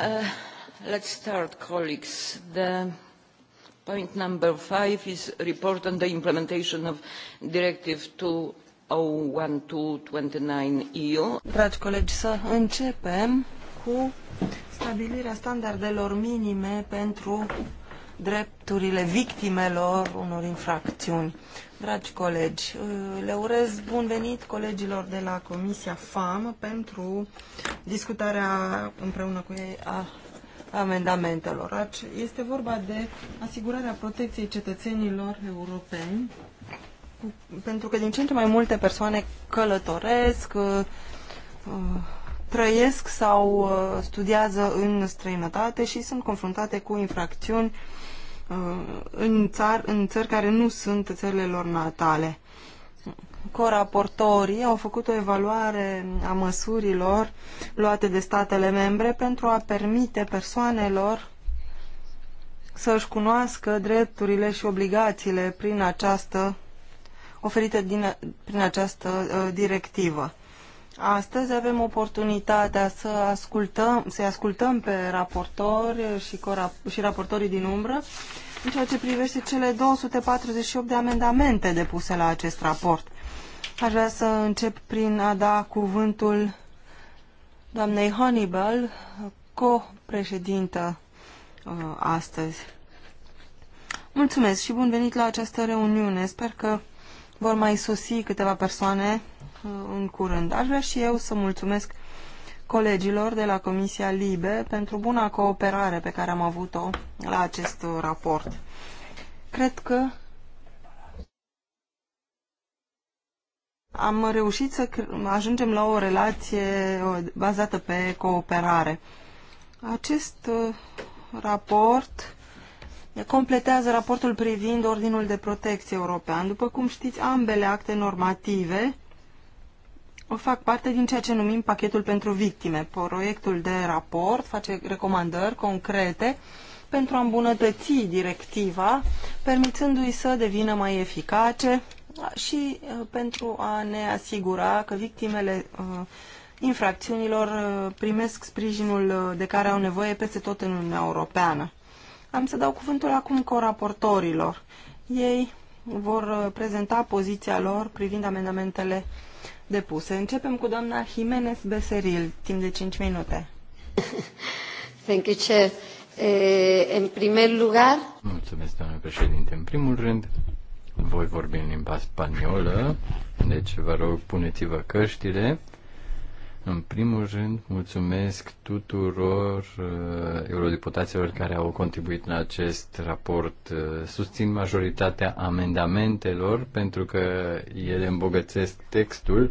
Uh, let's start, colleagues. The point number five is report on the implementation of Directive 2012-29-EU. Dragi colegi, să începem cu stabilirea standardelor minime pentru drepturile victimelor unor infracțiuni. Dragi colegi, uh, le urez bun venit colegilor de la Comisia FAM pentru discutarea împreună cu ei a amendamentelor. Este vorba de asigurarea protecției cetățenilor europeni, pentru că din ce în ce mai multe persoane călătoresc, uh, trăiesc sau uh, studiază în străinătate și sunt confruntate cu infracțiuni uh, în, țar, în țări care nu sunt țările lor natale coraportorii au făcut o evaluare a măsurilor luate de statele membre pentru a permite persoanelor să-și cunoască drepturile și obligațiile prin această oferite din, prin această uh, directivă. Astăzi avem oportunitatea să ascultăm, să ascultăm pe raportori și, corap și raportorii din umbră în ceea ce privește cele 248 de amendamente depuse la acest raport. Aș vrea să încep prin a da cuvântul doamnei Hannibal, co-președintă uh, astăzi. Mulțumesc și bun venit la această reuniune. Sper că vor mai sosi câteva persoane uh, în curând. Aș vrea și eu să mulțumesc colegilor de la Comisia Libe pentru buna cooperare pe care am avut-o la acest raport. Cred că am reușit să ajungem la o relație bazată pe cooperare. Acest uh, raport completează raportul privind Ordinul de Protecție European. După cum știți, ambele acte normative fac parte din ceea ce numim pachetul pentru victime. Proiectul de raport face recomandări concrete pentru a îmbunătăți directiva, permițându-i să devină mai eficace, și uh, pentru a ne asigura că victimele uh, infracțiunilor uh, primesc sprijinul de care au nevoie peste tot în Uniunea Europeană. Am să dau cuvântul acum coraportorilor. Ei vor prezenta poziția lor privind amendamentele depuse. Începem cu doamna Jimenez Beseril, timp de 5 minute. Thank you, Chair. În eh, primul rând... Mulțumesc, doamne președinte. În primul rând, voi vorbi în limba spaniolă, deci vă rog, puneți-vă căștile. În primul rând, mulțumesc tuturor uh, eurodeputaților care au contribuit la acest raport. Uh, susțin majoritatea amendamentelor pentru că ele îmbogățesc textul.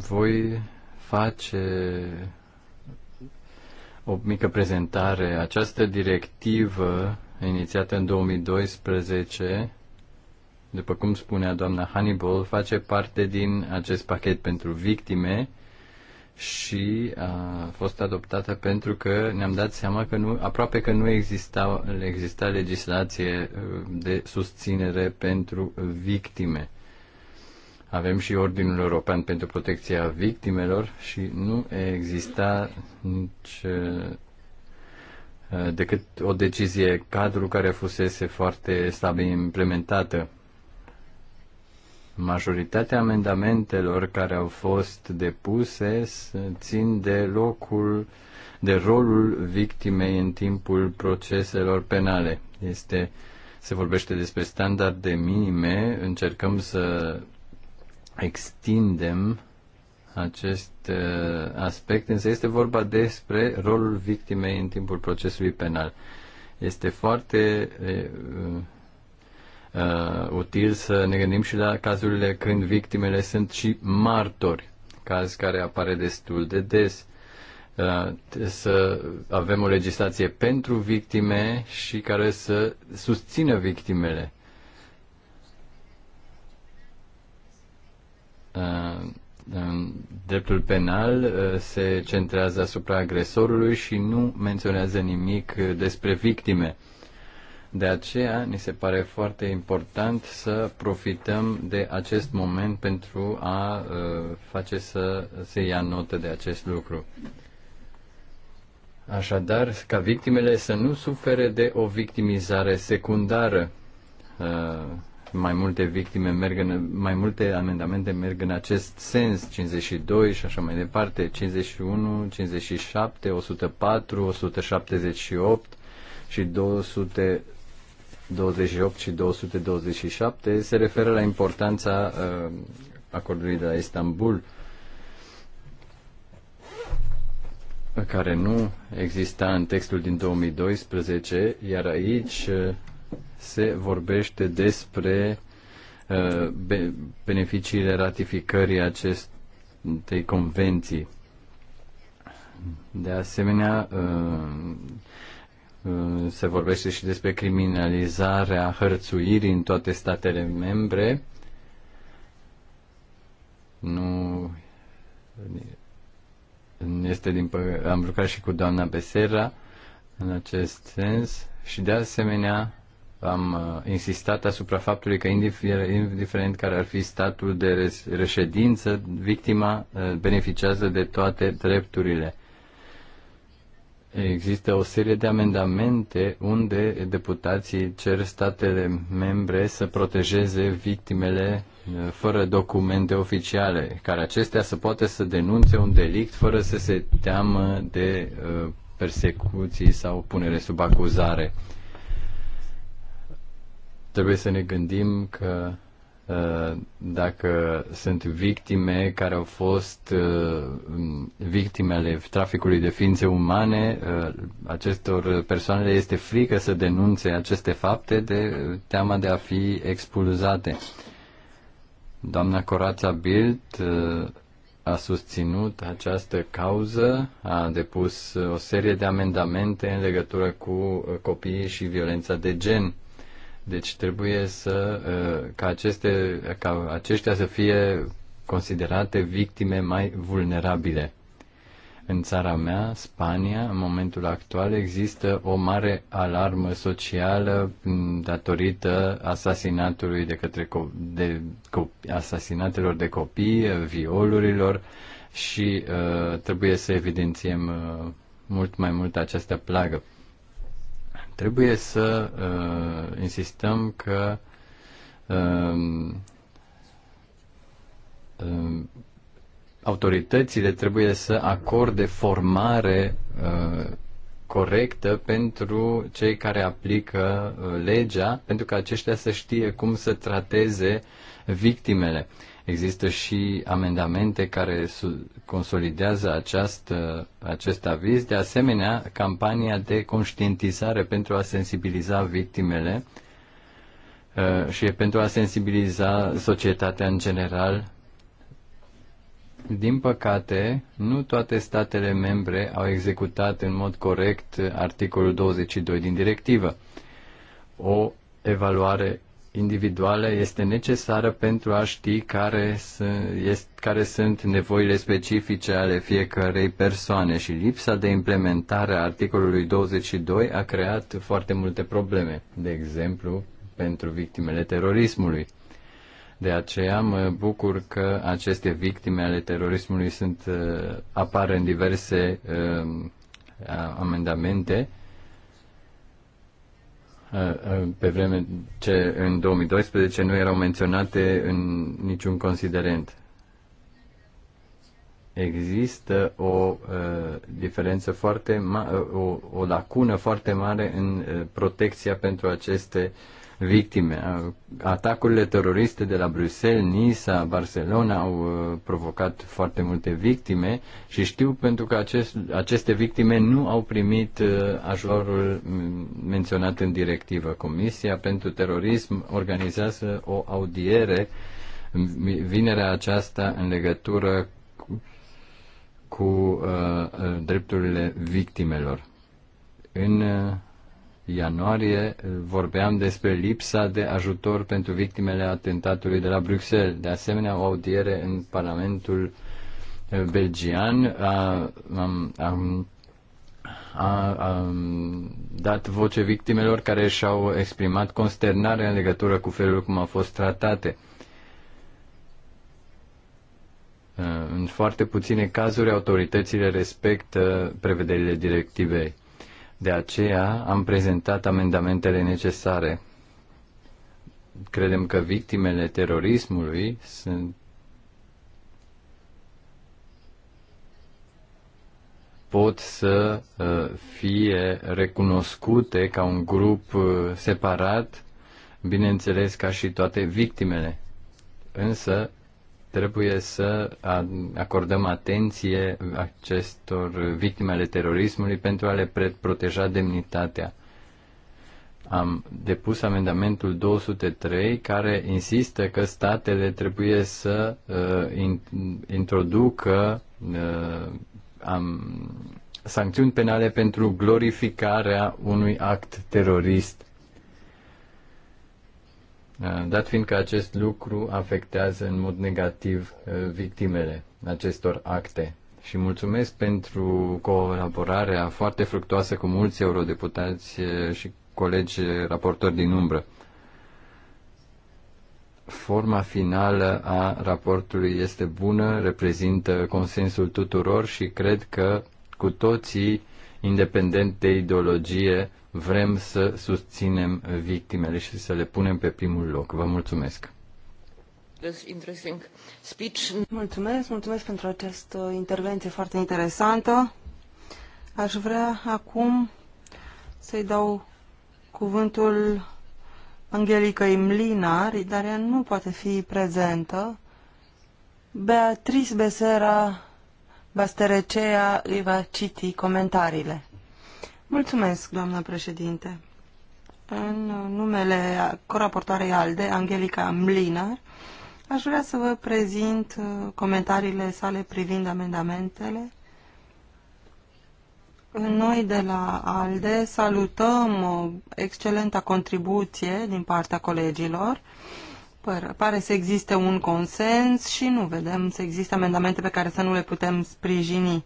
Voi face o mică prezentare. Această directivă inițiată în 2012, după cum spunea doamna Hannibal, face parte din acest pachet pentru victime și a fost adoptată pentru că ne-am dat seama că nu, aproape că nu exista, exista legislație uh, de susținere pentru victime. Avem și Ordinul European pentru Protecția Victimelor și nu exista nici uh, decât o decizie cadru care fusese foarte stabil implementată. Majoritatea amendamentelor care au fost depuse țin de locul, de rolul victimei în timpul proceselor penale. Este, se vorbește despre standarde minime, încercăm să extindem acest uh, aspect, însă este vorba despre rolul victimei în timpul procesului penal. Este foarte uh, util să ne gândim și la cazurile când victimele sunt și martori, caz care apare destul de des. Uh, să avem o legislație pentru victime și care să susțină victimele. Uh, dreptul penal uh, se centrează asupra agresorului și nu menționează nimic despre victime. De aceea, ni se pare foarte important să profităm de acest moment pentru a uh, face să se ia notă de acest lucru. Așadar, ca victimele să nu sufere de o victimizare secundară mai multe victime merg în, mai multe amendamente merg în acest sens, 52 și așa mai departe, 51, 57, 104, 178 și 200 28 și 227 se referă la importanța uh, acordului de la Istanbul, care nu exista în textul din 2012, iar aici uh, se vorbește despre uh, beneficiile ratificării acestei convenții. De asemenea, uh, uh, se vorbește și despre criminalizarea hărțuirii în toate statele membre. Nu este din pă- am lucrat și cu doamna Besera în acest sens și de asemenea am uh, insistat asupra faptului că, indiferent care ar fi statul de reședință, victima uh, beneficiază de toate drepturile. Există o serie de amendamente unde deputații cer statele membre să protejeze victimele uh, fără documente oficiale, care acestea să poată să denunțe un delict fără să se teamă de persecuții sau punere sub acuzare. Trebuie să ne gândim că uh, dacă sunt victime care au fost uh, victimele traficului de ființe umane, uh, acestor persoane este frică să denunțe aceste fapte de teama de a fi expulzate. Doamna Corața Bild a susținut această cauză, a depus o serie de amendamente în legătură cu copiii și violența de gen deci trebuie să uh, ca, aceste, ca aceștia să fie considerate victime mai vulnerabile. În țara mea, Spania, în momentul actual există o mare alarmă socială datorită asasinatului de către co- de co- asasinatelor de copii, violurilor și uh, trebuie să evidențiem uh, mult mai mult această plagă. Trebuie să uh, insistăm că uh, uh, autoritățile trebuie să acorde formare uh, corectă pentru cei care aplică uh, legea, pentru că aceștia să știe cum să trateze victimele. Uh, Există și amendamente care consolidează această, uh, acest aviz, de asemenea campania de conștientizare pentru a sensibiliza victimele uh, și pentru a sensibiliza societatea în general. Din păcate, nu toate statele membre au executat în mod corect articolul 22 din directivă. O evaluare individuală este necesară pentru a ști care sunt, care sunt nevoile specifice ale fiecărei persoane și lipsa de implementare a articolului 22 a creat foarte multe probleme, de exemplu pentru victimele terorismului. De aceea mă bucur că aceste victime ale terorismului sunt uh, apar în diverse uh, amendamente pe vreme ce în 2012 nu erau menționate în niciun considerent. Există o uh, diferență foarte ma- o, o lacună foarte mare în uh, protecția pentru aceste victime. Atacurile teroriste de la Bruxelles, Nisa, Barcelona au uh, provocat foarte multe victime și știu pentru că acest, aceste victime nu au primit uh, ajutorul menționat în directivă. Comisia pentru terorism organizează o audiere vinerea aceasta în legătură cu, cu uh, uh, drepturile victimelor. În ianuarie vorbeam despre lipsa de ajutor pentru victimele atentatului de la Bruxelles. De asemenea, o audiere în Parlamentul eh, belgian a, am, a, a, a dat voce victimelor care și-au exprimat consternare în legătură cu felul cum au fost tratate. Eh, în foarte puține cazuri, autoritățile respectă prevederile directivei de aceea am prezentat amendamentele necesare. Credem că victimele terorismului sunt pot să uh, fie recunoscute ca un grup uh, separat, bineînțeles ca și toate victimele. Însă Trebuie să acordăm atenție acestor victime ale terorismului pentru a le proteja demnitatea. Am depus amendamentul 203 care insistă că statele trebuie să uh, introducă uh, am, sancțiuni penale pentru glorificarea unui act terorist Eh, dat fiind că acest lucru afectează în mod negativ eh, victimele acestor acte. Și mulțumesc pentru colaborarea foarte fructoasă cu mulți eurodeputați eh, și colegi raportori din umbră. Forma finală a raportului este bună, reprezintă consensul tuturor și cred că cu toții independent de ideologie, vrem să susținem victimele și să le punem pe primul loc. Vă mulțumesc! Mulțumesc, mulțumesc pentru această intervenție foarte interesantă. Aș vrea acum să-i dau cuvântul Angelica Imlinar, dar ea nu poate fi prezentă. Beatrice Besera Basterecea îi va citi comentariile. Mulțumesc, doamnă președinte. În numele coraportoarei ALDE, Angelica Mlinar, aș vrea să vă prezint comentariile sale privind amendamentele. Noi de la ALDE salutăm excelenta contribuție din partea colegilor Pare să existe un consens și nu vedem să există amendamente pe care să nu le putem sprijini.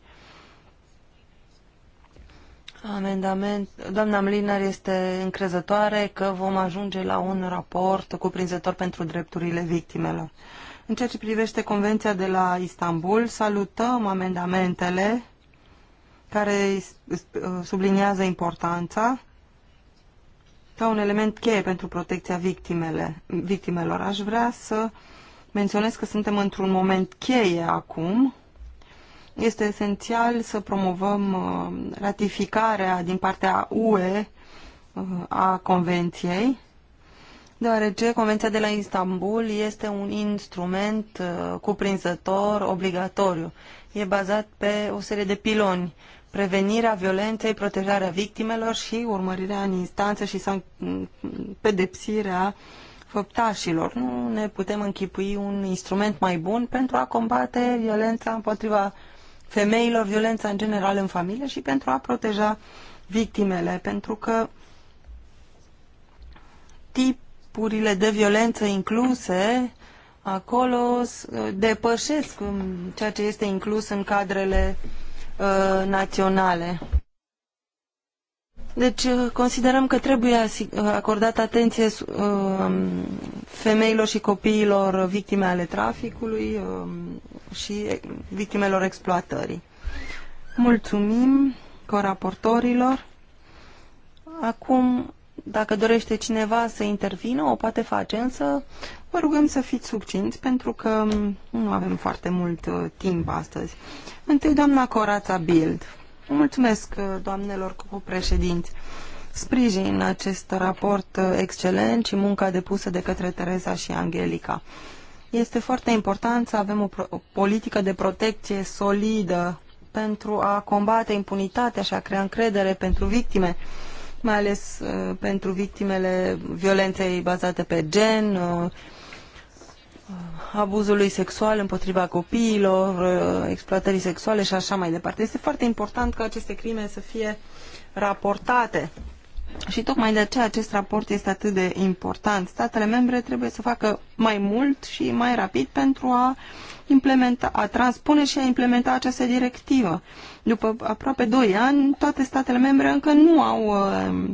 Amendament. Doamna Mlinar este încrezătoare că vom ajunge la un raport cuprinzător pentru drepturile victimelor. În ceea ce privește Convenția de la Istanbul, salutăm amendamentele care uh, subliniază importanța ca un element cheie pentru protecția victimele, victimelor. Aș vrea să menționez că suntem într-un moment cheie acum. Este esențial să promovăm uh, ratificarea din partea UE uh, a Convenției, deoarece Convenția de la Istanbul este un instrument uh, cuprinzător, obligatoriu. E bazat pe o serie de piloni prevenirea violenței, protejarea victimelor și urmărirea în instanță și pedepsirea făptașilor. Nu ne putem închipui un instrument mai bun pentru a combate violența împotriva femeilor, violența în general în familie și pentru a proteja victimele, pentru că tipurile de violență incluse acolo depășesc um, ceea ce este inclus în cadrele uh, Uh, naționale. Deci uh, considerăm că trebuie uh, acordată atenție uh, femeilor și copiilor victime ale traficului uh, și victimelor exploatării. Mulțumim coraportorilor. Acum, dacă dorește cineva să intervină, o poate face, însă vă rugăm să fiți succinți pentru că nu avem foarte mult uh, timp astăzi. Întâi doamna Corața Bild. Mulțumesc uh, doamnelor cu președinți. Sprijin acest raport uh, excelent și munca depusă de către Teresa și Angelica. Este foarte important să avem o, politică de protecție solidă pentru a combate impunitatea și a crea încredere pentru victime, mai ales uh, pentru victimele violenței bazate pe gen, uh, abuzului sexual împotriva copiilor, uh, exploatării sexuale și așa mai departe. Este foarte important ca aceste crime să fie raportate. Și tocmai de aceea acest raport este atât de important. Statele membre trebuie să facă mai mult și mai rapid pentru a, implementa, a transpune și a implementa această directivă. După aproape 2 ani, toate statele membre încă nu au... Uh,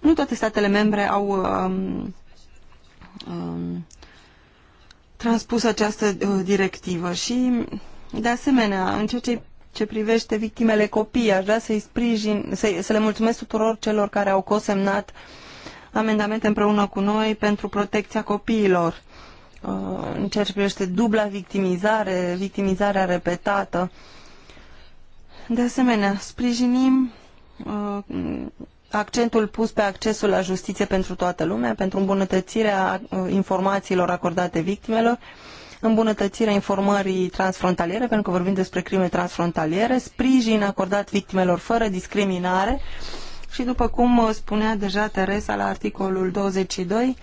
nu toate statele membre au um, um, transpus această uh, directivă și, de asemenea, în ceea ce, ce privește victimele copii, aș vrea să-i sprijin, să, să le mulțumesc tuturor celor care au cosemnat amendamente împreună cu noi pentru protecția copiilor uh, în ceea ce privește dubla victimizare, victimizarea repetată. De asemenea, sprijinim uh, accentul pus pe accesul la justiție pentru toată lumea, pentru îmbunătățirea uh, informațiilor acordate victimelor, îmbunătățirea informării transfrontaliere, pentru că vorbim despre crime transfrontaliere, sprijin acordat victimelor fără discriminare și, după cum uh, spunea deja Teresa la articolul 22,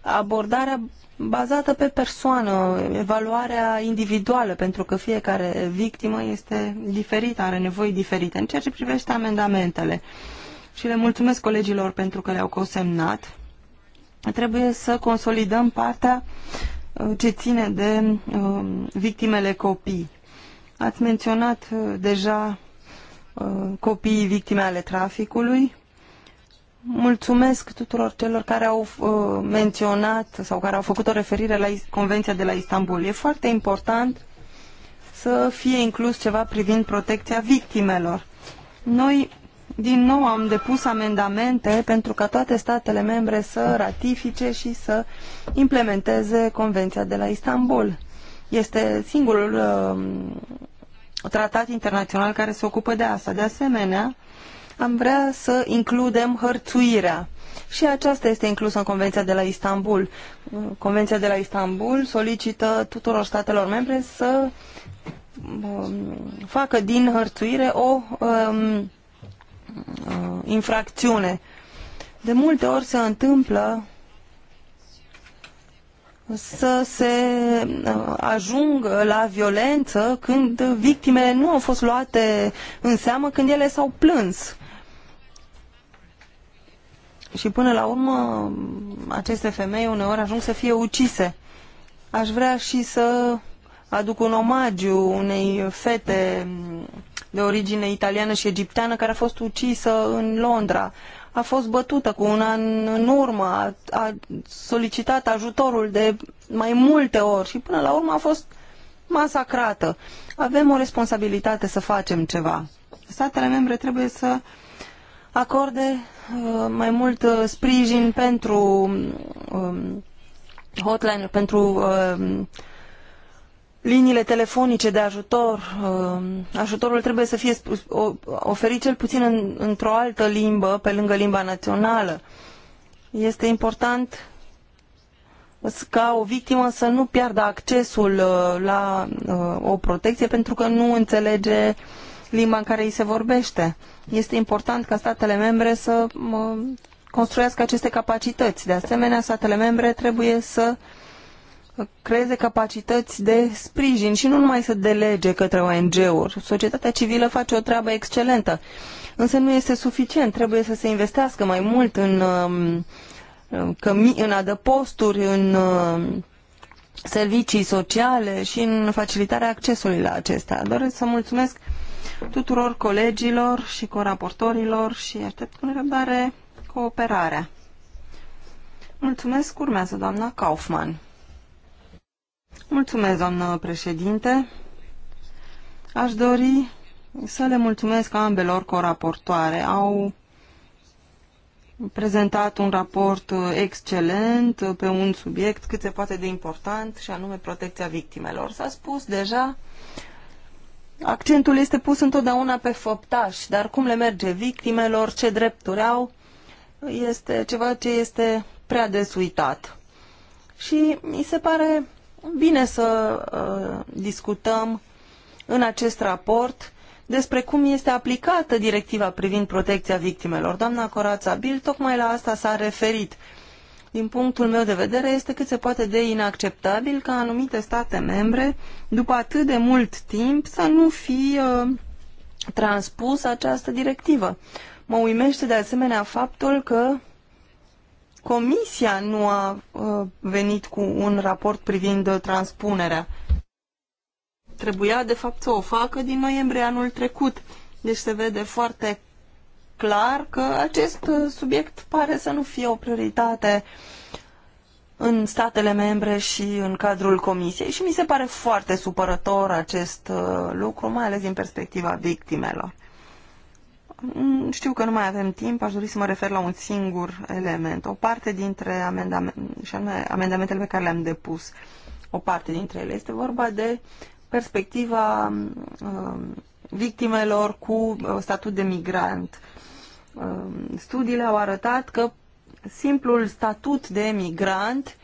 abordarea bazată pe persoană, evaluarea individuală, pentru că fiecare victimă este diferită, are nevoi diferite. În ceea ce privește amendamentele, uh, și le mulțumesc colegilor pentru că le-au cosemnat. Trebuie să consolidăm partea uh, ce ține de uh, victimele copii. Ați menționat uh, deja copiii victime ale traficului. Mulțumesc tuturor celor care au menționat sau care au făcut o referire la Convenția de la Istanbul. E foarte important să fie inclus ceva privind protecția victimelor. Noi din nou am depus amendamente pentru ca toate statele membre să ratifice și să implementeze Convenția de la Istanbul. Este singurul uh, tratat internațional care se ocupă de asta. De asemenea, am vrea să includem hărțuirea. Și aceasta este inclusă în Convenția de la Istanbul. Convenția de la Istanbul solicită tuturor statelor membre să um, facă din hărțuire o um, Uh, infracțiune. De multe ori se întâmplă să se uh, ajungă la violență când victimele nu au fost luate în seamă când ele s-au plâns. Și până la urmă, aceste femei uneori ajung să fie ucise. Aș vrea și să aduc un omagiu unei fete de origine italiană și egipteană care a fost ucisă în Londra. A fost bătută cu un an în urmă, a, a solicitat ajutorul de mai multe ori și până la urmă a fost masacrată. Avem o responsabilitate să facem ceva. Statele membre trebuie să acorde uh, mai mult uh, sprijin pentru uh, um, hotline, pentru uh, liniile telefonice de ajutor, um, ajutorul trebuie să fie oferit cel puțin în, într-o altă limbă, pe lângă limba națională. Este important ca o victimă să nu piardă accesul uh, la uh, o protecție pentru că nu înțelege limba în care îi se vorbește. Este important ca statele membre să uh, construiască aceste capacități. De asemenea, statele membre trebuie să uh, creeze capacități de sprijin și nu numai să delege către ONG-uri. Societatea civilă face o treabă excelentă, însă nu este suficient. Trebuie să se investească mai mult în, um, um, în adăposturi, în um, servicii sociale și în facilitarea accesului la acestea. Doresc să mulțumesc tuturor colegilor și coraportorilor și aștept cu nerăbdare cooperarea. Mulțumesc, urmează doamna Kaufmann. Mulțumesc, doamnă președinte. Aș dori să le mulțumesc ambelor coraportoare. Au prezentat un raport excelent pe un subiect cât se poate de important și anume protecția victimelor. S-a spus deja, accentul este pus întotdeauna pe făptași, dar cum le merge victimelor, ce drepturi au, este ceva ce este prea desuitat. Și mi se pare bine să uh, discutăm în acest raport despre cum este aplicată directiva privind protecția victimelor. Doamna Corața Bil tocmai la asta s-a referit. Din punctul meu de vedere, este cât se poate de inacceptabil ca anumite state membre, după atât de mult timp, să nu fi uh, transpus această directivă. Mă uimește de asemenea faptul că Comisia nu a uh, venit cu un raport privind uh, transpunerea. Trebuia, de fapt, să o facă din noiembrie anul trecut. Deci se vede foarte clar că acest uh, subiect pare să nu fie o prioritate în statele membre și în cadrul Comisiei și mi se pare foarte supărător acest lucru, mai ales din perspectiva victimelor. Mm, știu că nu mai avem timp, aș dori să mă refer la un singur element. O parte dintre amendamente, și anume amendamentele pe care le-am depus, o parte dintre ele este vorba de perspectiva um, victimelor cu uh, statut de migrant. Um, studiile au arătat că simplul statut de migrant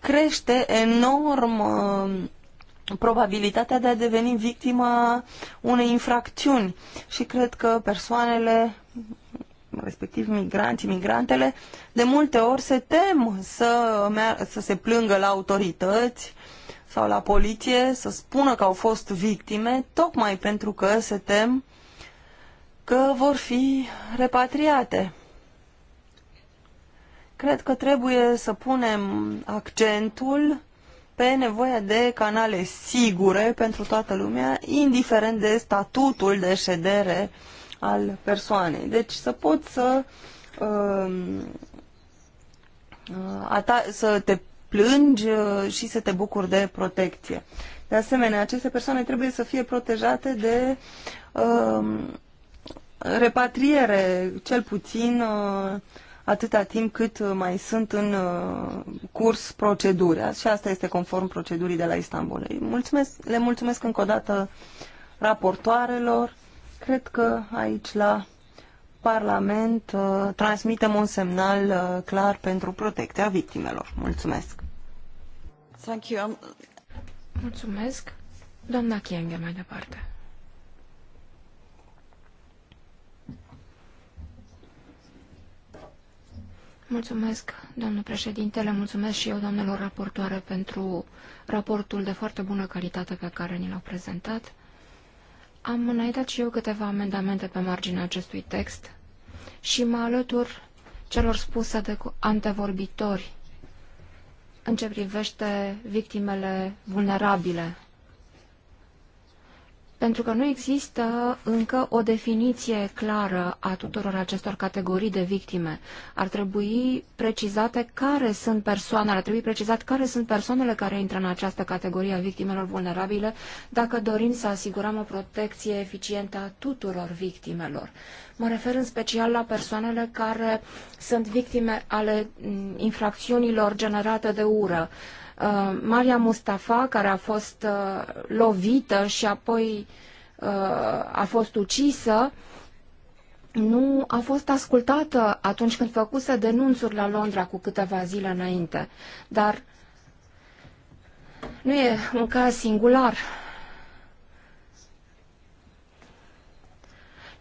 crește enorm um, probabilitatea de a deveni victima unei infracțiuni. Și cred că persoanele, respectiv migranții, migrantele, de multe ori se tem să, să se plângă la autorități sau la poliție, să spună că au fost victime, tocmai pentru că se tem că vor fi repatriate. Cred că trebuie să punem accentul pe nevoia de canale sigure pentru toată lumea, indiferent de statutul de ședere al persoanei. Deci să poți să, um, uh, să te plângi uh, și să te bucuri de protecție. De asemenea, aceste persoane trebuie să fie protejate de uh, repatriere, cel puțin uh, atâta timp cât uh, mai sunt în uh, curs procedura. Și asta este conform procedurii de la Istanbul. Mulțumesc, le mulțumesc încă o dată raportoarelor. Cred că aici la Parlament uh, transmitem un semnal clar pentru protecția victimelor. Mulțumesc! Thank you. Um, mulțumesc! Doamna Chienghe, mai departe. Mulțumesc, domnul președintele, mulțumesc și eu, doamnelor raportoare, pentru raportul de foarte bună calitate pe care ni l-au prezentat. Am înaintat și eu câteva amendamente pe marginea acestui text și mă alătur celor spuse de antevorbitori în ce privește victimele vulnerabile pentru că nu există încă o definiție clară a tuturor acestor categorii de victime. Ar trebui precizate care sunt persoanele, ar trebui precizat care sunt persoanele care intră în această categorie a victimelor vulnerabile, dacă dorim să asigurăm o protecție eficientă a tuturor victimelor. Mă refer în special la persoanele care sunt victime ale mm, infracțiunilor generate de ură, Uh, Maria Mustafa, care a fost uh, lovită și apoi uh, a fost ucisă, nu a fost ascultată atunci când făcuse denunțuri la Londra cu câteva zile înainte. Dar nu e un caz singular.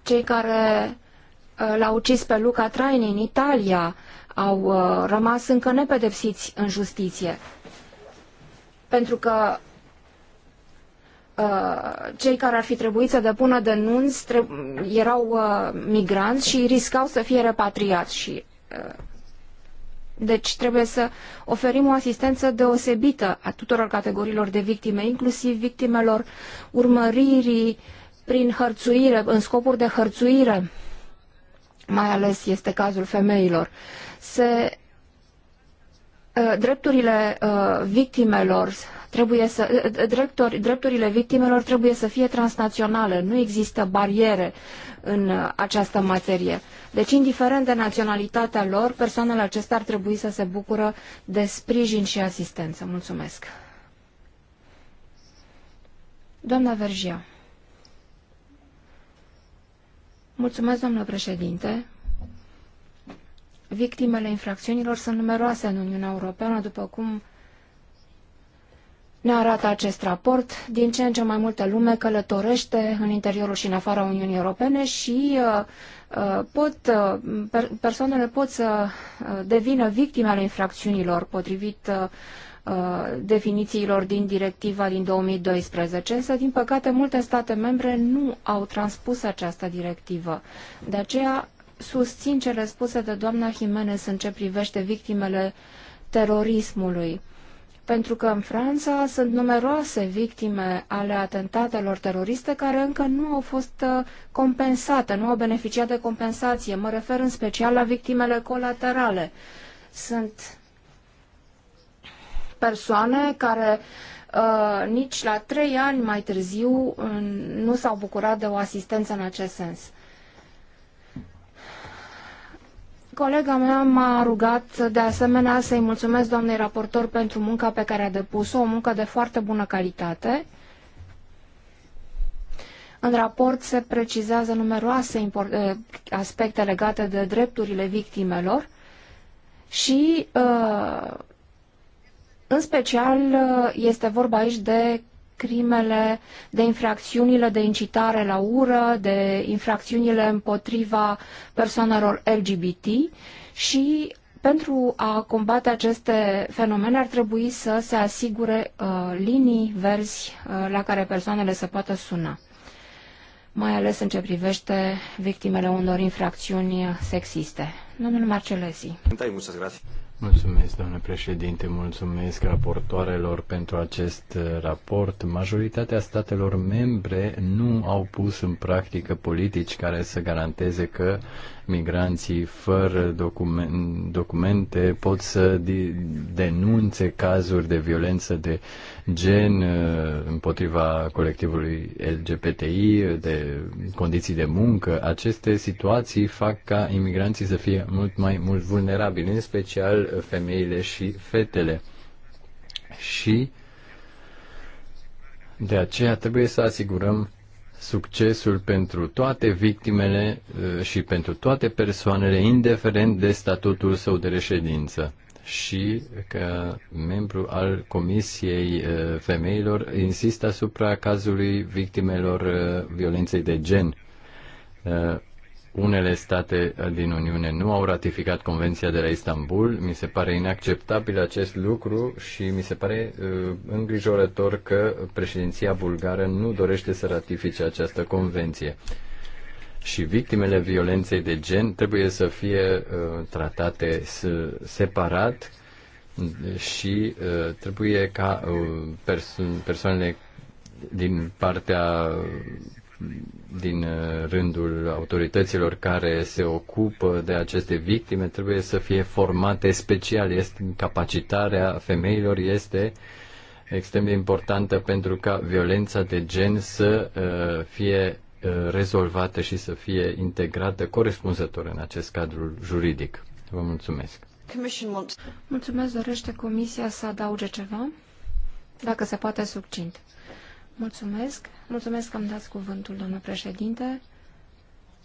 Cei care l-au ucis pe Luca Traini în Italia au rămas încă nepedepsiți în justiție pentru că uh, cei care ar fi trebuit să depună denunți erau uh, migranți și riscau să fie repatriați. Și, uh, deci trebuie să oferim o asistență deosebită a tuturor categoriilor de victime, inclusiv victimelor urmăririi prin hărțuire, în scopuri de hărțuire. Mai ales este cazul femeilor. Se Uh, drepturile uh, victimelor trebuie să, uh, drepturi drepturile victimelor trebuie să fie transnaționale, nu există bariere în această materie. Deci, indiferent de naționalitatea lor, persoanele acestea ar trebui să se bucură de sprijin și asistență. Mulțumesc. Doamna Vergia. Mulțumesc, doamnă președinte victimele infracțiunilor sunt numeroase în Uniunea Europeană, după cum ne arată acest raport. Din ce în ce mai multă lume călătorește în interiorul și în afara Uniunii Europene și uh, uh, pot, uh, persoanele pot să devină victime ale infracțiunilor potrivit definițiilor din directiva din 2012, însă, din păcate, multe state membre nu au transpus această directivă. De aceea, susțin cele spuse de doamna Jimenez în ce privește victimele terorismului. Pentru că în Franța sunt numeroase victime ale atentatelor teroriste care încă nu au fost uh, compensate, nu au beneficiat de compensație. Mă refer în special la victimele colaterale. Sunt persoane care uh, nici la trei ani mai târziu uh, nu s-au bucurat de o asistență în acest sens. Colega mea m-a rugat de asemenea să-i mulțumesc doamnei raportor pentru munca pe care a depus-o, o muncă de foarte bună calitate. În raport se precizează numeroase eh, aspecte legate de drepturile victimelor și, eh, în special, eh, este vorba aici de crimele, de infracțiunile de incitare la ură, de infracțiunile împotriva persoanelor LGBT și pentru a combate aceste fenomene ar trebui să se asigure uh, linii verzi uh, la care persoanele să poată suna, mai ales în ce privește victimele unor infracțiuni sexiste. Domnul Marcelesi. Mulțumesc, doamne președinte, mulțumesc raportoarelor pentru acest uh, raport. Majoritatea statelor membre nu au pus în practică politici care să garanteze că migranții fără documente pot să denunțe cazuri de violență de gen, uh, împotriva colectivului LGBTI, de condiții de muncă, aceste situații fac ca imigranții să fie mult mai mult vulnerabili, în special femeile și fetele. Și de aceea trebuie să asigurăm succesul pentru toate victimele uh, și pentru toate persoanele, indiferent de statutul său de reședință și că membru al Comisiei uh, Femeilor insistă asupra cazului victimelor uh, violenței de gen. Uh, unele state din Uniune nu au ratificat Convenția de la Istanbul. Mi se pare inacceptabil acest lucru și mi se pare îngrijorător că președinția bulgară nu dorește să ratifice această convenție și victimele violenței de gen trebuie să fie uh, tratate separat și uh, trebuie ca uh, perso- persoanele din partea din rândul autorităților care se ocupă de aceste victime trebuie să fie formate special. Este capacitarea femeilor este extrem de importantă pentru ca violența de gen să fie Uh, rezolvate și să fie integrată corespunzător în acest cadru juridic. Vă mulțumesc. Mulțumesc, dorește Comisia să adauge ceva? Dacă se poate, succint. Mulțumesc. Mulțumesc că îmi dați cuvântul, domnule președinte.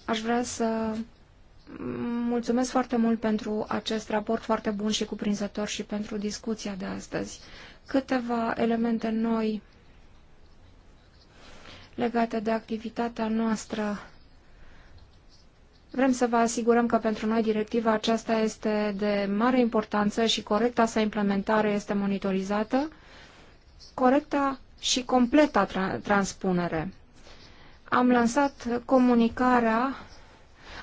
Aș vrea să mulțumesc foarte mult pentru acest raport foarte bun și cuprinzător și pentru discuția de astăzi. Câteva elemente noi legate de activitatea noastră. Vrem să vă asigurăm că pentru noi directiva aceasta este de mare importanță și corecta sa implementare este monitorizată, corecta și completa tra transpunere. Am lansat comunicarea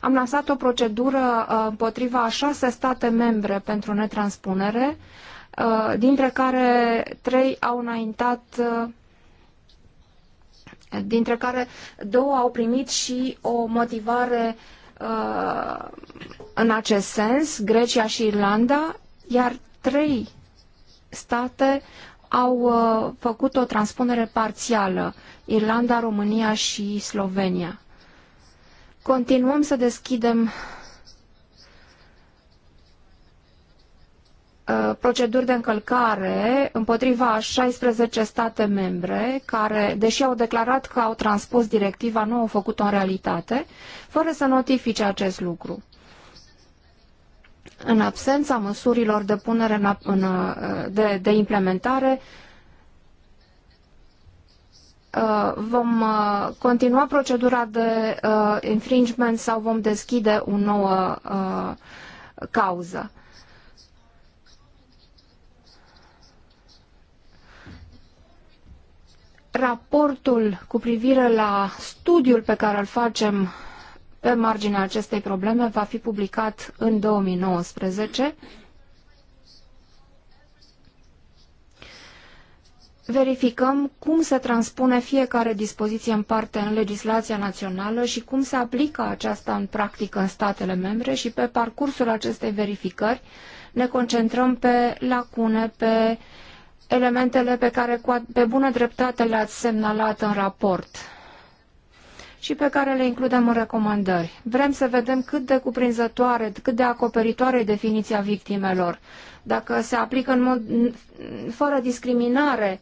am lansat o procedură uh, împotriva a șase state membre pentru netranspunere, uh, dintre care trei au înaintat uh, dintre care două au primit și o motivare uh, în acest sens, Grecia și Irlanda, iar trei state au uh, făcut o transpunere parțială, Irlanda, România și Slovenia. Continuăm să deschidem Uh, proceduri de încălcare împotriva 16 state membre care, deși au declarat că au transpus directiva, nu au făcut-o în realitate, fără să notifice acest lucru. În absența măsurilor de, punere în, în, uh, de, de implementare, uh, vom continua procedura de infringement sau vom deschide o nouă cauză. raportul cu privire la studiul pe care îl facem pe marginea acestei probleme va fi publicat în 2019. Verificăm cum se transpune fiecare dispoziție în parte în legislația națională și cum se aplică aceasta în practică în statele membre și pe parcursul acestei verificări ne concentrăm pe lacune, pe uh, elementele pe care pe bună dreptate le-ați semnalat în raport și pe care le includem în recomandări. Vrem să vedem cât de cuprinzătoare, cât de acoperitoare e definiția victimelor, dacă se aplică în mod fără discriminare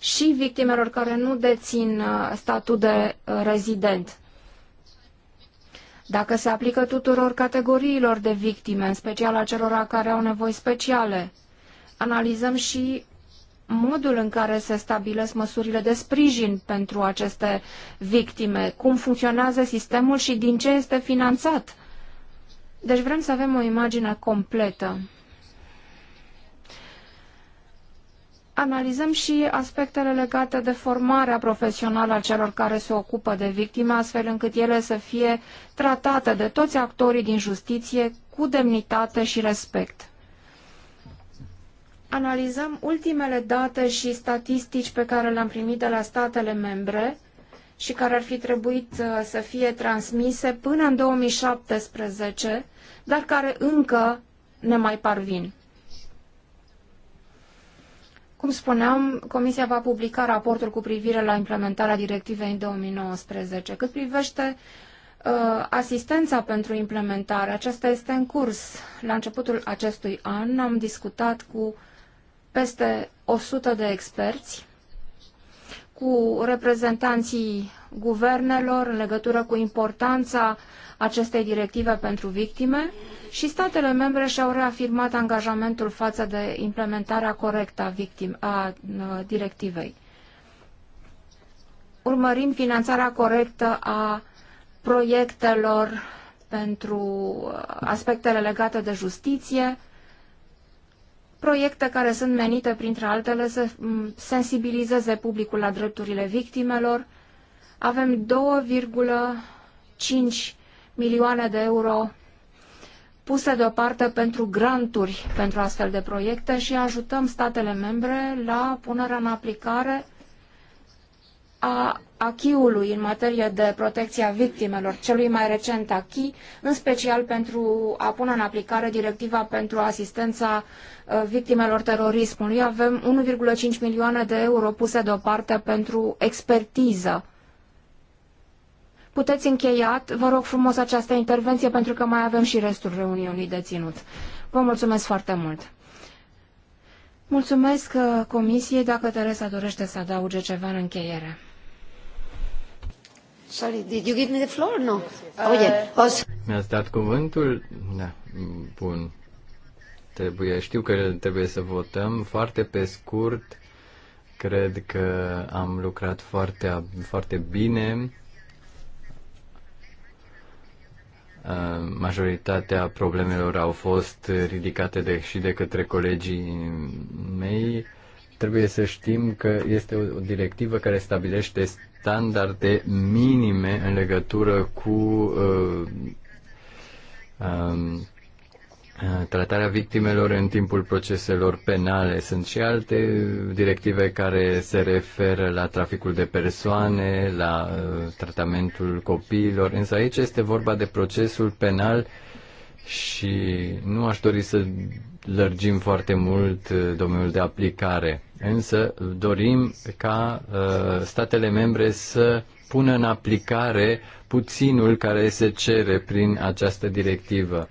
și victimelor care nu dețin uh, statut de uh, rezident. Dacă se aplică tuturor categoriilor de victime, în special acelora care au nevoi speciale. Analizăm și modul în care se stabilesc măsurile de sprijin pentru aceste victime, cum funcționează sistemul și din ce este finanțat. Deci vrem să avem o imagine completă. Analizăm și aspectele legate de formarea profesională a celor care se ocupă de victime, astfel încât ele să fie tratate de toți actorii din justiție cu demnitate și respect analizăm ultimele date și statistici pe care le-am primit de la statele membre și care ar fi trebuit uh, să fie transmise până în 2017, dar care încă ne mai parvin. Cum spuneam, Comisia va publica raportul cu privire la implementarea directivei în 2019. Cât privește uh, asistența pentru implementare, aceasta este în curs. La începutul acestui an am discutat cu peste 100 de experți cu reprezentanții guvernelor în legătură cu importanța acestei directive pentru victime și statele membre și-au reafirmat angajamentul față de implementarea corectă a, victim, a directivei. Urmărim finanțarea corectă a proiectelor pentru aspectele legate de justiție, proiecte care sunt menite, printre altele, să mm, sensibilizeze publicul la drepturile victimelor. Avem 2,5 milioane de euro puse deoparte pentru granturi pentru astfel de proiecte și ajutăm statele membre la punerea în aplicare a achiului în materie de protecția a victimelor, celui mai recent achi, în special pentru a pune în aplicare directiva pentru asistența uh, victimelor terorismului. Avem 1,5 milioane de euro puse deoparte pentru expertiză. Puteți încheiat, vă rog frumos, această intervenție pentru că mai avem și restul reuniunii de ținut. Vă mulțumesc foarte mult! Mulțumesc uh, Comisiei dacă Teresa dorește să adauge ceva în încheiere. Sorry, did you give me the floor? No. Oh, yeah. Uh, oh, Mi-ați dat cuvântul? Da. Bun. Trebuie, știu că trebuie să votăm foarte pe scurt. Cred că am lucrat foarte, foarte bine. Uh, majoritatea problemelor au fost ridicate de, și de către colegii mei. Trebuie să știm că este o directivă care stabilește standarde minime în legătură cu uh, um, uh, tratarea victimelor în timpul proceselor penale. Sunt și alte directive care se referă la traficul de persoane, la uh, tratamentul copiilor, însă aici este vorba de procesul penal și nu aș dori să lărgim foarte mult uh, domeniul de aplicare. Însă dorim ca uh, statele membre să pună în aplicare puținul care se cere prin această directivă.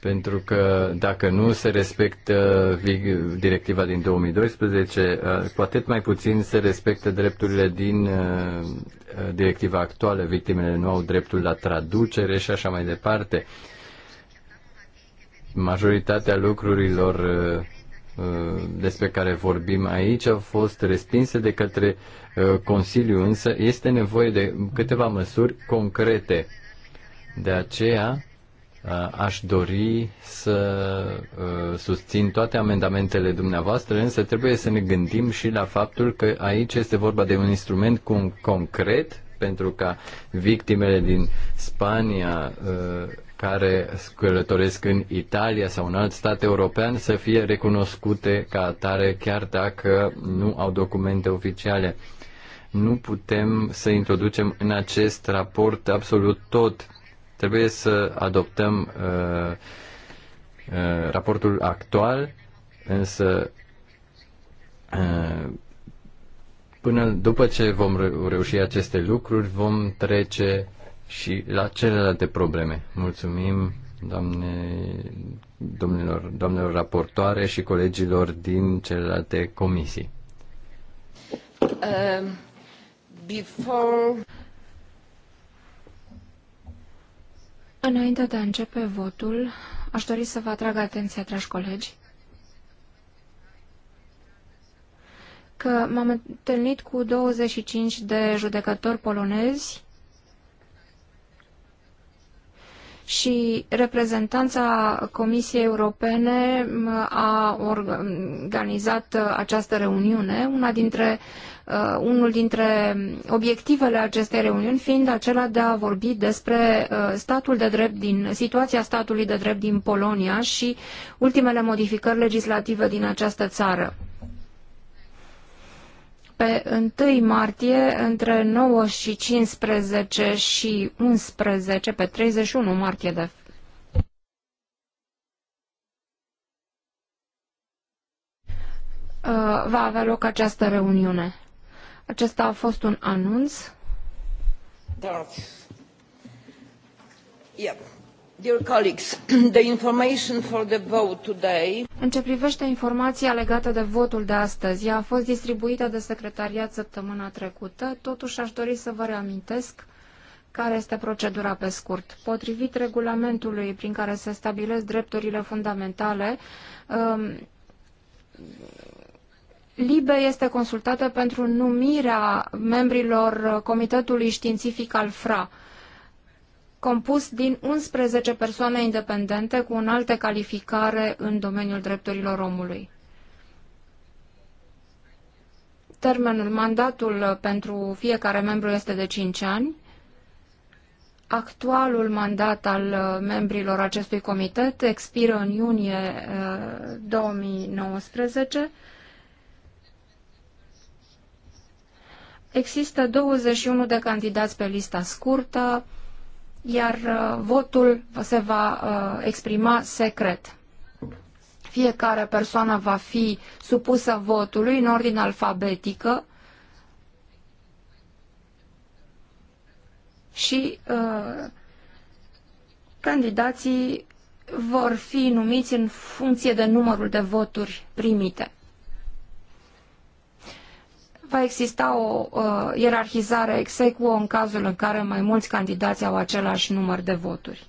Pentru că dacă nu se respectă directiva din 2012, uh, cu atât mai puțin se respectă drepturile din uh, uh, directiva actuală. Victimele nu au dreptul la traducere și așa mai departe. Majoritatea lucrurilor Uh, despre care vorbim aici au fost respinse de către uh, Consiliu, însă este nevoie de câteva măsuri concrete. De aceea uh, aș dori să susțin toate amendamentele dumneavoastră, însă trebuie să ne gândim și la faptul că aici este vorba de un instrument concret pentru ca victimele din Spania care călătoresc în Italia sau în alt stat european să fie recunoscute ca atare chiar dacă nu au documente oficiale. Nu putem să introducem în acest raport absolut tot. Trebuie să adoptăm uh, uh, raportul actual, însă uh, până după ce vom reuși aceste lucruri, vom trece și la celelalte probleme. Mulțumim doamne, domnilor, doamnelor raportoare și colegilor din celelalte comisii. Uh, before... Înainte de a începe votul, aș dori să vă atrag atenția, dragi colegi, că m-am întâlnit cu 25 de judecători polonezi și reprezentanța Comisiei Europene a organizat uh, această reuniune, una dintre, uh, unul dintre obiectivele acestei reuniuni fiind acela de a vorbi despre uh, statul de drept din, situația statului de drept din Polonia și ultimele modificări legislative din această țară pe 1 martie între 9 și 15 și 11 pe 31 martie de uh, va avea loc această reuniune. Acesta a fost un anunț. Da. Yep. În ce privește informația legată de votul de astăzi, ea a fost distribuită de secretariat săptămâna trecută, totuși aș dori să vă reamintesc care este procedura pe scurt. Potrivit regulamentului prin care se stabilesc drepturile fundamentale, um, LIBE este consultată pentru numirea membrilor Comitetului Științific al FRA compus din 11 persoane independente cu înalte calificare în domeniul drepturilor omului. Termenul, mandatul pentru fiecare membru este de 5 ani. Actualul mandat al membrilor acestui comitet expiră în iunie 2019. Uh, Există 21 de candidați pe lista scurtă, iar uh, votul se va uh, exprima secret. Fiecare persoană va fi supusă votului în ordine alfabetică și uh, candidații vor fi numiți în funcție de numărul de voturi primite va exista o uh, ierarhizare aequo în cazul în care mai mulți candidați au același număr de voturi.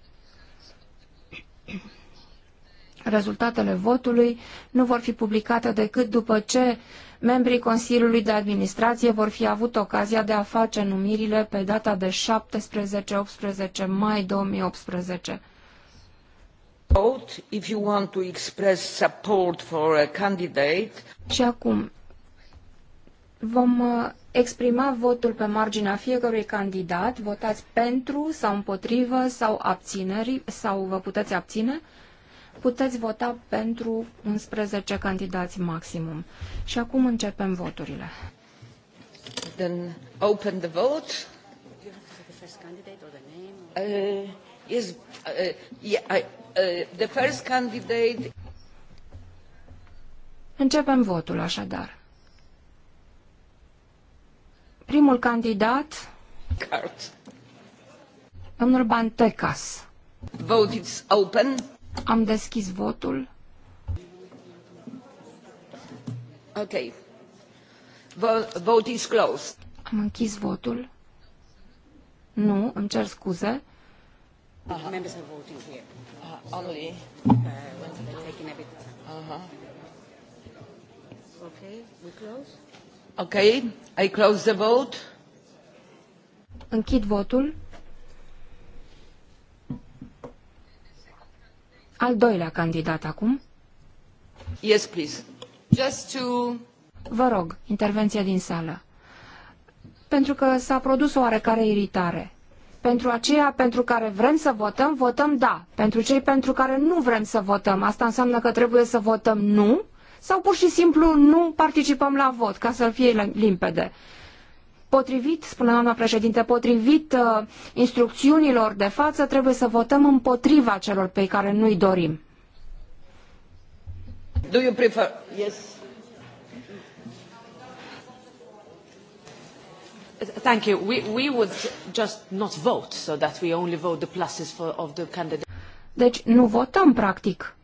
Rezultatele votului nu vor fi publicate decât după ce membrii Consiliului de Administrație vor fi avut ocazia de a face numirile pe data de 17-18 mai 2018. Vote if you want to express support for a candidate. Și acum, Vom uh, exprima votul pe marginea fiecărui candidat. Votați pentru sau împotrivă sau abțineri sau vă puteți abține. Puteți vota pentru 11 candidați maximum. Și acum începem voturile. Then open the vote. Uh, yes, uh, yeah, uh, the first candidate. Începem votul așadar. Primul candidat, Card. domnul Bantecas. Vote is open. Am deschis votul. Ok. Vote is closed. Am închis votul. Nu, îmi cer scuze. Uh-huh. Uh-huh. Uh, uh-huh. Okay, we close. Ok, I close the vote. Închid votul. Al doilea candidat acum. Yes, please. Just to... Vă rog, intervenția din sală. Pentru că s-a produs o oarecare iritare. Pentru aceia pentru care vrem să votăm, votăm da. Pentru cei pentru care nu vrem să votăm, asta înseamnă că trebuie să votăm nu sau pur și simplu nu participăm la vot, ca să fie limpede. Potrivit, spune doamna președinte, potrivit uh, instrucțiunilor de față, trebuie să votăm împotriva celor pe care nu-i dorim. Do you prefer? Yes. Thank you. We, we would just not vote so that we only vote the pluses for, of the candidate. Deci nu votăm practic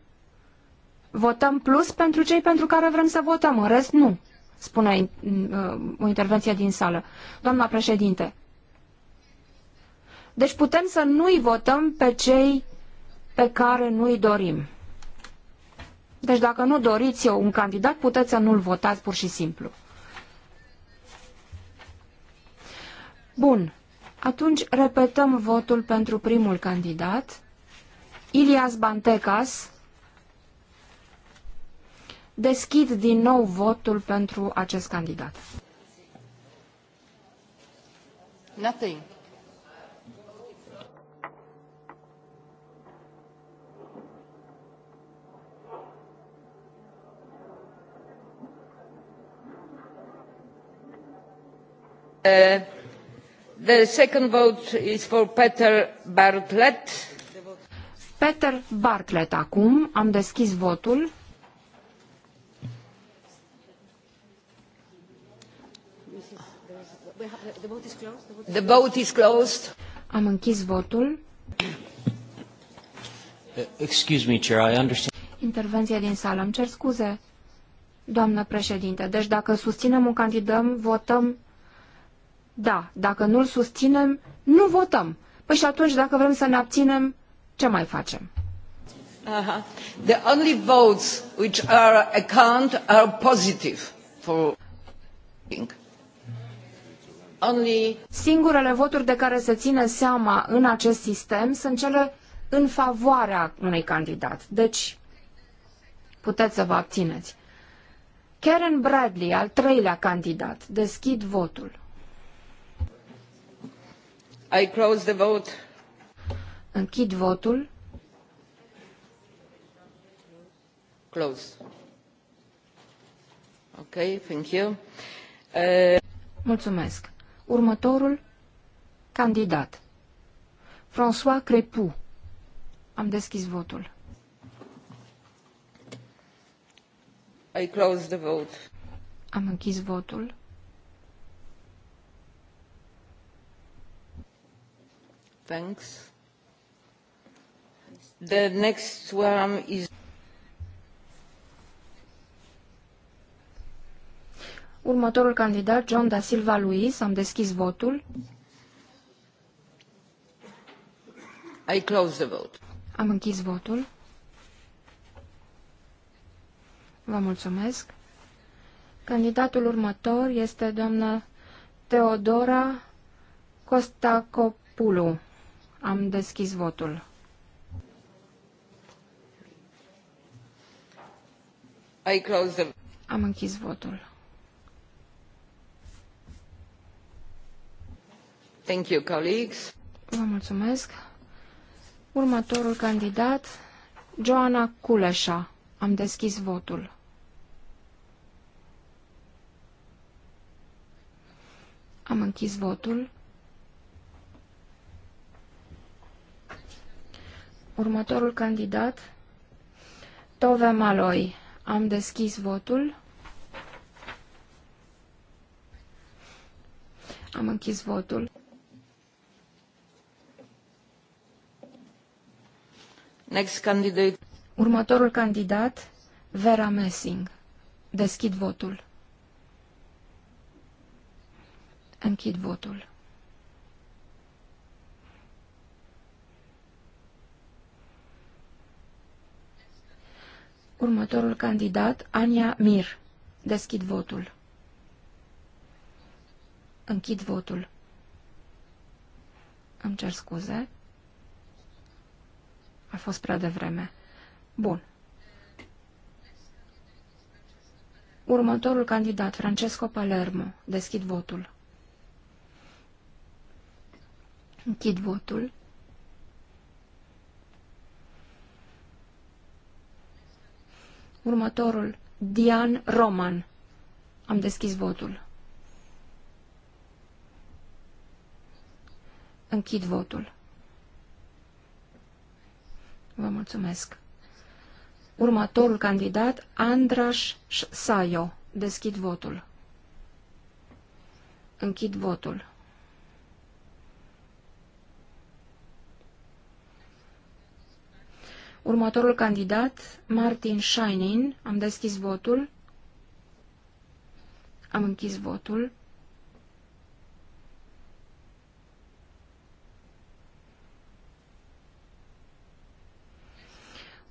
Votăm plus pentru cei pentru care vrem să votăm, în rest nu, spune uh, o intervenție din sală. Doamna președinte, deci putem să nu-i votăm pe cei pe care nu-i dorim. Deci dacă nu doriți un candidat, puteți să nu-l votați pur și simplu. Bun. Atunci repetăm votul pentru primul candidat. Ilias Bantecas Deschid din nou votul pentru acest candidat. Nothing. Uh, the second vote is for Peter Bartlett. Peter Bartlett acum. Am deschis votul. The vote is closed. Am închis votul. Excuse me, Chair, I understand. Intervenție din sală. Îmi cer scuze, doamnă președinte. Deci dacă susținem un candidat, votăm da. Dacă nu-l susținem, nu votăm. Păi și atunci, dacă vrem să ne abținem, ce mai facem? Uh -huh. The only votes which are account are positive for... Singurele voturi de care se ține seama în acest sistem sunt cele în favoarea unui candidat. Deci, puteți să vă abțineți. Karen Bradley, al treilea candidat. Deschid votul. I close the vote. Închid votul. Close. Ok, thank you. Uh... Mulțumesc. Următorul candidat. François Crepu. Am deschis votul. I close the vote. Am închis votul. Thanks. The next one is Următorul candidat, John da Silva Luis, am deschis votul. I close the vote. Am închis votul. Vă mulțumesc. Candidatul următor este doamna Teodora Costacopulu. Am deschis votul. I close the... Am închis votul. mulțumesc. Următorul candidat, Joana Culeșa. Am deschis votul. Am închis votul. Următorul candidat, Tove Maloi. Am deschis votul. Am închis votul. Next candidate. Următorul candidat, Vera Messing. Deschid votul. Închid votul. Următorul candidat, Ania Mir. Deschid votul. Închid votul. Îmi cer scuze. A fost prea devreme. Bun. Următorul candidat, Francesco Palermo. Deschid votul. Închid votul. Următorul, Dian Roman. Am deschis votul. Închid votul. Vă mulțumesc. Următorul candidat, Andras Saio. Deschid votul. Închid votul. Următorul candidat, Martin Shinin. Am deschis votul. Am închis votul.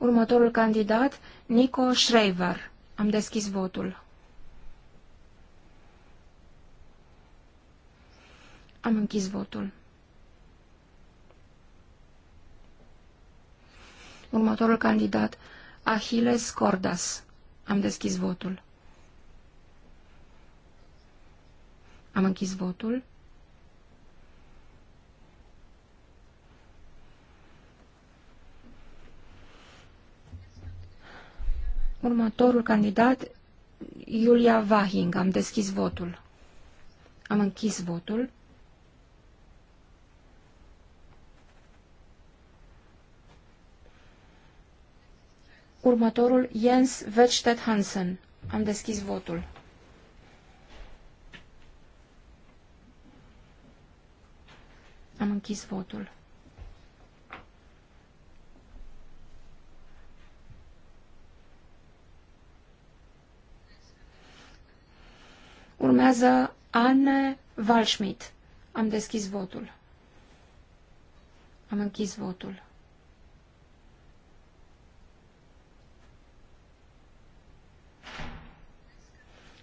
Următorul candidat, Nico Schreiber. Am deschis votul. Am închis votul. Următorul candidat, Achilles Cordas. Am deschis votul. Am închis votul. Următorul candidat, Iulia Vahing. Am deschis votul. Am închis votul. Următorul, Jens Vechstedt Hansen. Am deschis votul. Am închis votul. Urmează Anne Walschmidt. Am deschis votul. Am închis votul.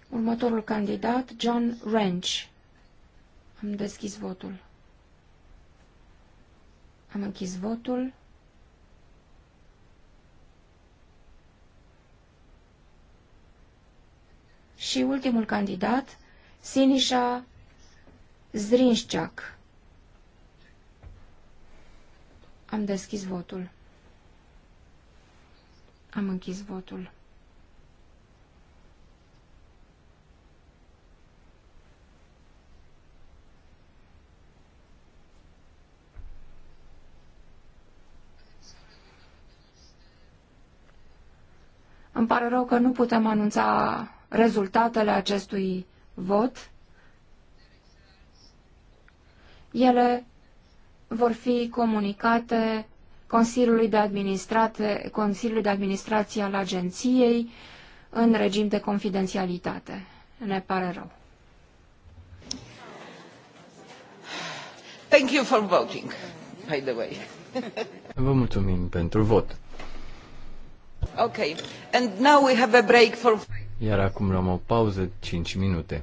Următorul candidat, John Wrench. Am deschis votul. Am închis votul. Și ultimul candidat, Sinișa Zrinșceac. Am deschis votul. Am închis votul. Îmi pare rău că nu putem anunța rezultatele acestui vot, ele vor fi comunicate Consiliului de, Consiliului de Administrație al Agenției în regim de confidențialitate. Ne pare rău. Thank you for voting, by the way. Vă mulțumim pentru vot. Okay. And now we have a break for... Iar acum luăm o pauză 5 minute.